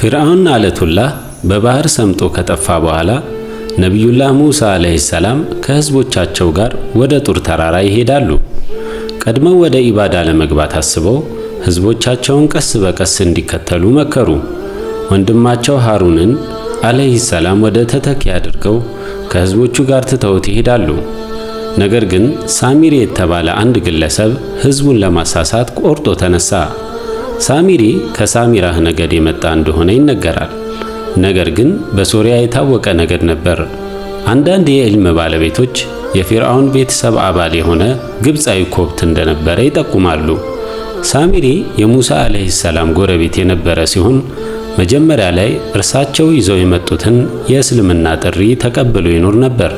ፊርዓውን አለቱላህ በባህር ሰምጦ ከጠፋ በኋላ ነቢዩላህ ሙሳ ዓለይሂ ሰላም ከህዝቦቻቸው ጋር ወደ ጡር ተራራ ይሄዳሉ። ቀድመው ወደ ኢባዳ ለመግባት አስበው ህዝቦቻቸውን ቀስ በቀስ እንዲከተሉ መከሩ። ወንድማቸው ሃሩንን ዓለይሂ ሰላም ወደ ተተኪ አድርገው ከህዝቦቹ ጋር ትተውት ይሄዳሉ። ነገር ግን ሳሚር የተባለ አንድ ግለሰብ ህዝቡን ለማሳሳት ቆርጦ ተነሳ። ሳሚሪ ከሳሚራህ ነገድ የመጣ እንደሆነ ይነገራል። ነገር ግን በሶሪያ የታወቀ ነገድ ነበር። አንዳንድ የዕልም ባለቤቶች የፊርዓውን ቤተሰብ አባል የሆነ ግብፃዊ ኮብት እንደነበረ ይጠቁማሉ። ሳሚሪ የሙሳ ዓለይሂ ሰላም ጎረቤት የነበረ ሲሆን መጀመሪያ ላይ እርሳቸው ይዘው የመጡትን የእስልምና ጥሪ ተቀብሎ ይኖር ነበር።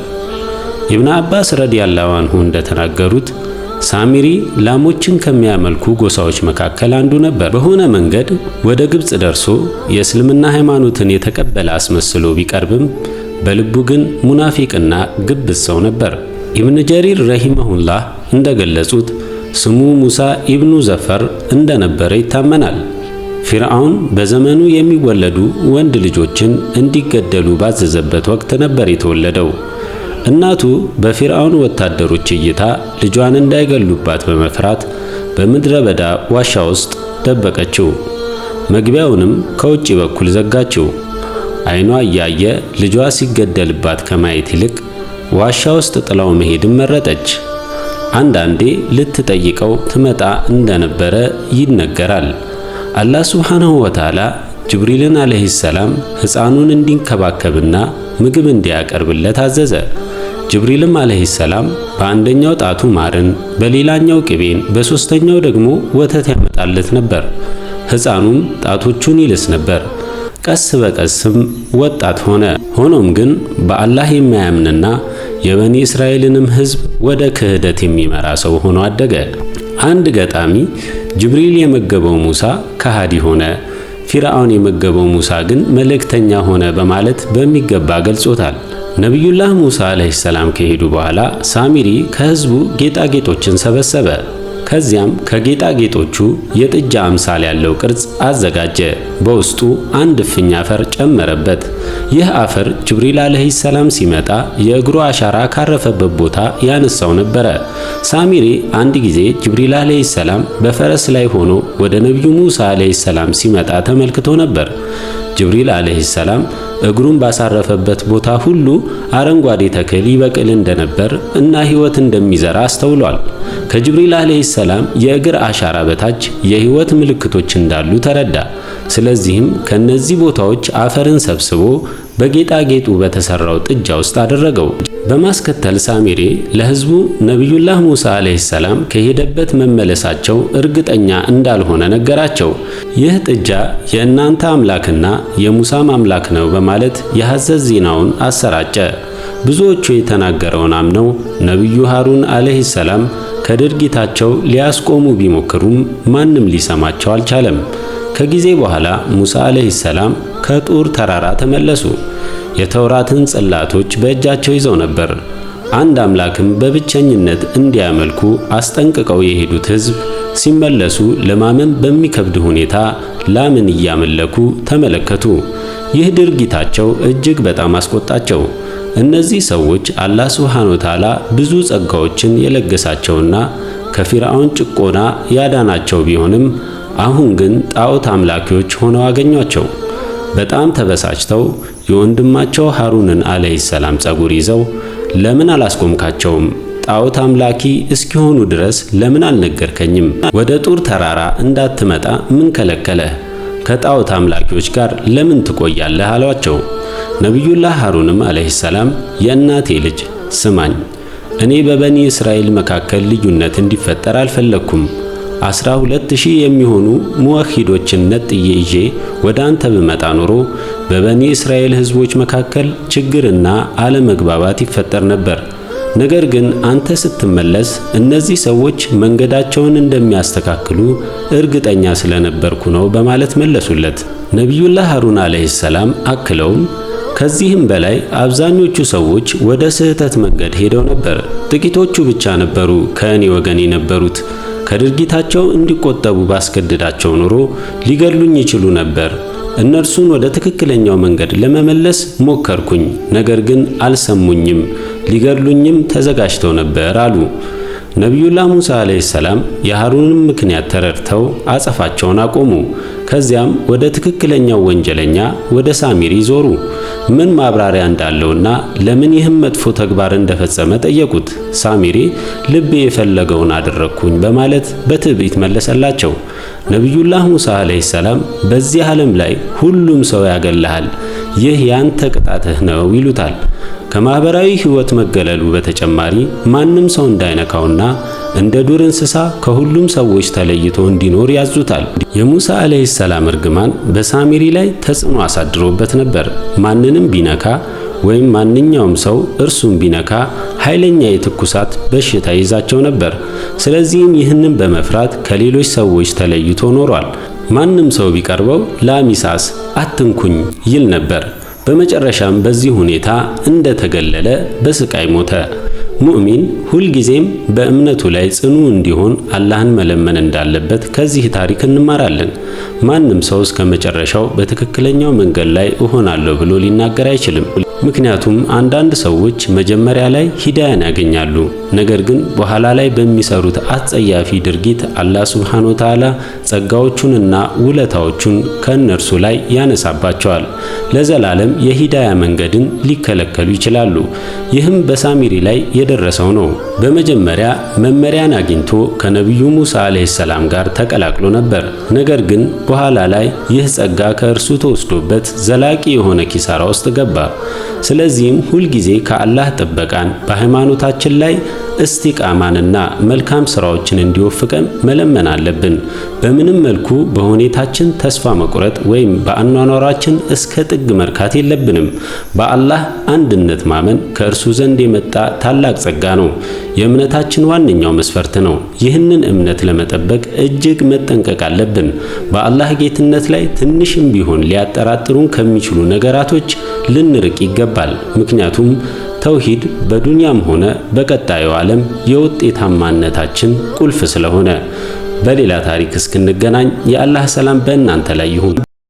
ኢብን አባስ ረዲያላሁ አንሁ እንደተናገሩት ሳሚሪ ላሞችን ከሚያመልኩ ጎሳዎች መካከል አንዱ ነበር። በሆነ መንገድ ወደ ግብፅ ደርሶ የእስልምና ሃይማኖትን የተቀበለ አስመስሎ ቢቀርብም በልቡ ግን ሙናፊቅና ግብዝ ሰው ነበር። ኢብን ጀሪር ረሂመሁላህ እንደገለጹት ስሙ ሙሳ ኢብኑ ዘፈር እንደነበረ ይታመናል። ፊርዓውን በዘመኑ የሚወለዱ ወንድ ልጆችን እንዲገደሉ ባዘዘበት ወቅት ነበር የተወለደው። እናቱ በፊርዓውን ወታደሮች እይታ ልጇን እንዳይገሉባት በመፍራት በምድረ በዳ ዋሻ ውስጥ ደበቀችው። መግቢያውንም ከውጭ በኩል ዘጋችው። አይኗ እያየ ልጇ ሲገደልባት ከማየት ይልቅ ዋሻ ውስጥ ጥላው መሄድን መረጠች። አንዳንዴ ልትጠይቀው ትመጣ እንደነበረ ይነገራል። አላህ ሱብሓነሁ ወተዓላ ጅብሪልን ዓለይሂ ሰላም ሕፃኑን እንዲንከባከብና ምግብ እንዲያቀርብለት አዘዘ። ጅብሪልም አለይሂ ሰላም በአንደኛው ጣቱ ማርን፣ በሌላኛው ቅቤን፣ በሶስተኛው ደግሞ ወተት ያመጣለት ነበር። ሕፃኑም ጣቶቹን ይልስ ነበር። ቀስ በቀስም ወጣት ሆነ። ሆኖም ግን በአላህ የማያምንና የበኒ እስራኤልንም ሕዝብ ወደ ክህደት የሚመራ ሰው ሆኖ አደገ። አንድ ገጣሚ ጅብሪል የመገበው ሙሳ ከሃዲ ሆነ፣ ፊርአውን የመገበው ሙሳ ግን መልእክተኛ ሆነ በማለት በሚገባ ገልጾታል። ነቢዩላህ ሙሳ ዓለይሂ ሰላም ከሄዱ በኋላ ሳሚሪ ከህዝቡ ጌጣጌጦችን ሰበሰበ። ከዚያም ከጌጣጌጦቹ የጥጃ አምሳል ያለው ቅርጽ አዘጋጀ። በውስጡ አንድ እፍኝ አፈር ጨመረበት። ይህ አፈር ጅብሪል ዓለይሂ ሰላም ሲመጣ የእግሩ አሻራ ካረፈበት ቦታ ያነሳው ነበረ። ሳሚሪ አንድ ጊዜ ጅብሪል ዓለይሂ ሰላም በፈረስ ላይ ሆኖ ወደ ነቢዩ ሙሳ ዓለይሂ ሰላም ሲመጣ ተመልክቶ ነበር። ጅብሪል ዓለይሂ ሰላም እግሩን ባሳረፈበት ቦታ ሁሉ አረንጓዴ ተክል ይበቅል እንደነበር እና ሕይወት እንደሚዘራ አስተውሏል። ከጅብሪል አለይሂ ሰላም የእግር አሻራ በታች የሕይወት ምልክቶች እንዳሉ ተረዳ። ስለዚህም ከነዚህ ቦታዎች አፈርን ሰብስቦ በጌጣጌጡ በተሰራው ጥጃ ውስጥ አደረገው። በማስከተል ሳሚሬ ለህዝቡ ነቢዩላህ ሙሳ አለይሂ ሰላም ከሄደበት መመለሳቸው እርግጠኛ እንዳልሆነ ነገራቸው። ይህ ጥጃ የእናንተ አምላክና የሙሳም አምላክ ነው በማለት የሐሰት ዜናውን አሰራጨ። ብዙዎቹ የተናገረውን አምነው ነቢዩ ሃሩን አለይሂ ሰላም ከድርጊታቸው ሊያስቆሙ ቢሞክሩም ማንም ሊሰማቸው አልቻለም። ከጊዜ በኋላ ሙሳ አለይሂ ሰላም ከጡር ተራራ ተመለሱ። የተውራትን ጽላቶች በእጃቸው ይዘው ነበር። አንድ አምላክም በብቸኝነት እንዲያመልኩ አስጠንቅቀው የሄዱት ሕዝብ ሲመለሱ ለማመን በሚከብድ ሁኔታ ላምን እያመለኩ ተመለከቱ። ይህ ድርጊታቸው እጅግ በጣም አስቆጣቸው። እነዚህ ሰዎች አላህ ሱብሓነሁ ወተዓላ ብዙ ጸጋዎችን የለገሳቸውና ከፊርዓውን ጭቆና ያዳናቸው ቢሆንም አሁን ግን ጣዖት አምላኪዎች ሆነው አገኟቸው። በጣም ተበሳጭተው የወንድማቸው ሐሩንን አለይሂ ሰላም ጸጉር ይዘው ለምን አላስቆምካቸውም? ጣዖት አምላኪ እስኪሆኑ ድረስ ለምን አልነገርከኝም? ወደ ጡር ተራራ እንዳትመጣ ምን ከለከለህ? ከጣዖት አምላኪዎች ጋር ለምን ትቆያለህ? አሏቸው። ነቢዩላህ ሐሩንም አለይሂ ሰላም የእናቴ ልጅ ስማኝ፣ እኔ በበኒ እስራኤል መካከል ልዩነት እንዲፈጠር አልፈለግኩም። አስራ ሁለት ሺህ የሚሆኑ ሙወሂዶችን ነጥዬ ይዤ ወደ አንተ ብመጣ ኖሮ በበኒ እስራኤል ሕዝቦች መካከል ችግርና አለመግባባት ይፈጠር ነበር። ነገር ግን አንተ ስትመለስ እነዚህ ሰዎች መንገዳቸውን እንደሚያስተካክሉ እርግጠኛ ስለነበርኩ ነው በማለት መለሱለት። ነቢዩላህ ሀሩን አለይሂ ሰላም አክለውም ከዚህም በላይ አብዛኞቹ ሰዎች ወደ ስህተት መንገድ ሄደው ነበር። ጥቂቶቹ ብቻ ነበሩ ከእኔ ወገን የነበሩት። ከድርጊታቸው እንዲቆጠቡ ባስገድዳቸው ኑሮ ሊገድሉኝ ይችሉ ነበር። እነርሱን ወደ ትክክለኛው መንገድ ለመመለስ ሞከርኩኝ፣ ነገር ግን አልሰሙኝም፣ ሊገድሉኝም ተዘጋጅተው ነበር አሉ። ነቢዩላህ ሙሳ ዓለይሂ ሰላም የሃሩንን ምክንያት ተረድተው አጸፋቸውን አቆሙ። ከዚያም ወደ ትክክለኛው ወንጀለኛ ወደ ሳሚሪ ዞሩ። ምን ማብራሪያ እንዳለውና ለምን ይህም መጥፎ ተግባር እንደፈጸመ ጠየቁት። ሳሚሪ ልቤ የፈለገውን አደረግኩኝ በማለት በትዕቢት መለሰላቸው። ነቢዩላህ ሙሳ ዓለይሂ ሰላም በዚህ ዓለም ላይ ሁሉም ሰው ያገለሃል ይህ ያንተ ቅጣትህ ነው ይሉታል። ከማህበራዊ ህይወት መገለሉ በተጨማሪ ማንም ሰው እንዳይነካውና እንደ ዱር እንስሳ ከሁሉም ሰዎች ተለይቶ እንዲኖር ያዙታል። የሙሳ አለይሂ ሰላም እርግማን በሳሚሪ ላይ ተጽዕኖ አሳድሮበት ነበር። ማንንም ቢነካ ወይም ማንኛውም ሰው እርሱን ቢነካ ኃይለኛ የትኩሳት በሽታ ይዛቸው ነበር። ስለዚህም ይህንን በመፍራት ከሌሎች ሰዎች ተለይቶ ኖሯል። ማንም ሰው ቢቀርበው ላሚሳስ አትንኩኝ ይል ነበር። በመጨረሻም በዚህ ሁኔታ እንደተገለለ በስቃይ ሞተ። ሙእሚን ሁልጊዜም በእምነቱ ላይ ጽኑ እንዲሆን አላህን መለመን እንዳለበት ከዚህ ታሪክ እንማራለን። ማንም ሰው እስከ መጨረሻው በትክክለኛው መንገድ ላይ እሆናለሁ ብሎ ሊናገር አይችልም። ምክንያቱም አንዳንድ ሰዎች መጀመሪያ ላይ ሂዳያን ያገኛሉ፣ ነገር ግን በኋላ ላይ በሚሰሩት አጸያፊ ድርጊት አላህ ሱብሓነ ወተዓላ ጸጋዎቹንና ውለታዎቹን ከእነርሱ ላይ ያነሳባቸዋል። ለዘላለም የሂዳያ መንገድን ሊከለከሉ ይችላሉ። ይህም በሳሚሪ ላይ የደረሰው ነው። በመጀመሪያ መመሪያን አግኝቶ ከነቢዩ ሙሳ ዓለይሂ ሰላም ጋር ተቀላቅሎ ነበር። ነገር ግን በኋላ ላይ ይህ ጸጋ ከእርሱ ተወስዶበት ዘላቂ የሆነ ኪሳራ ውስጥ ገባ። ስለዚህም ሁልጊዜ ከአላህ ጥበቃን በሃይማኖታችን ላይ እስቲቃማንና መልካም ስራዎችን እንዲወፍቀን መለመን አለብን። በምንም መልኩ በሁኔታችን ተስፋ መቁረጥ ወይም በአኗኗራችን እስከ ጥግ መርካት የለብንም። በአላህ አንድነት ማመን ከእርሱ ዘንድ የመጣ ታላቅ ጸጋ ነው። የእምነታችን ዋነኛው መስፈርት ነው። ይህንን እምነት ለመጠበቅ እጅግ መጠንቀቅ አለብን። በአላህ ጌትነት ላይ ትንሽም ቢሆን ሊያጠራጥሩን ከሚችሉ ነገራቶች ልንርቅ ይገባል። ምክንያቱም ተውሂድ በዱንያም ሆነ በቀጣዩ ዓለም የውጤታማነታችን ቁልፍ ስለሆነ በሌላ ታሪክ እስክንገናኝ የአላህ ሰላም በእናንተ ላይ ይሁን።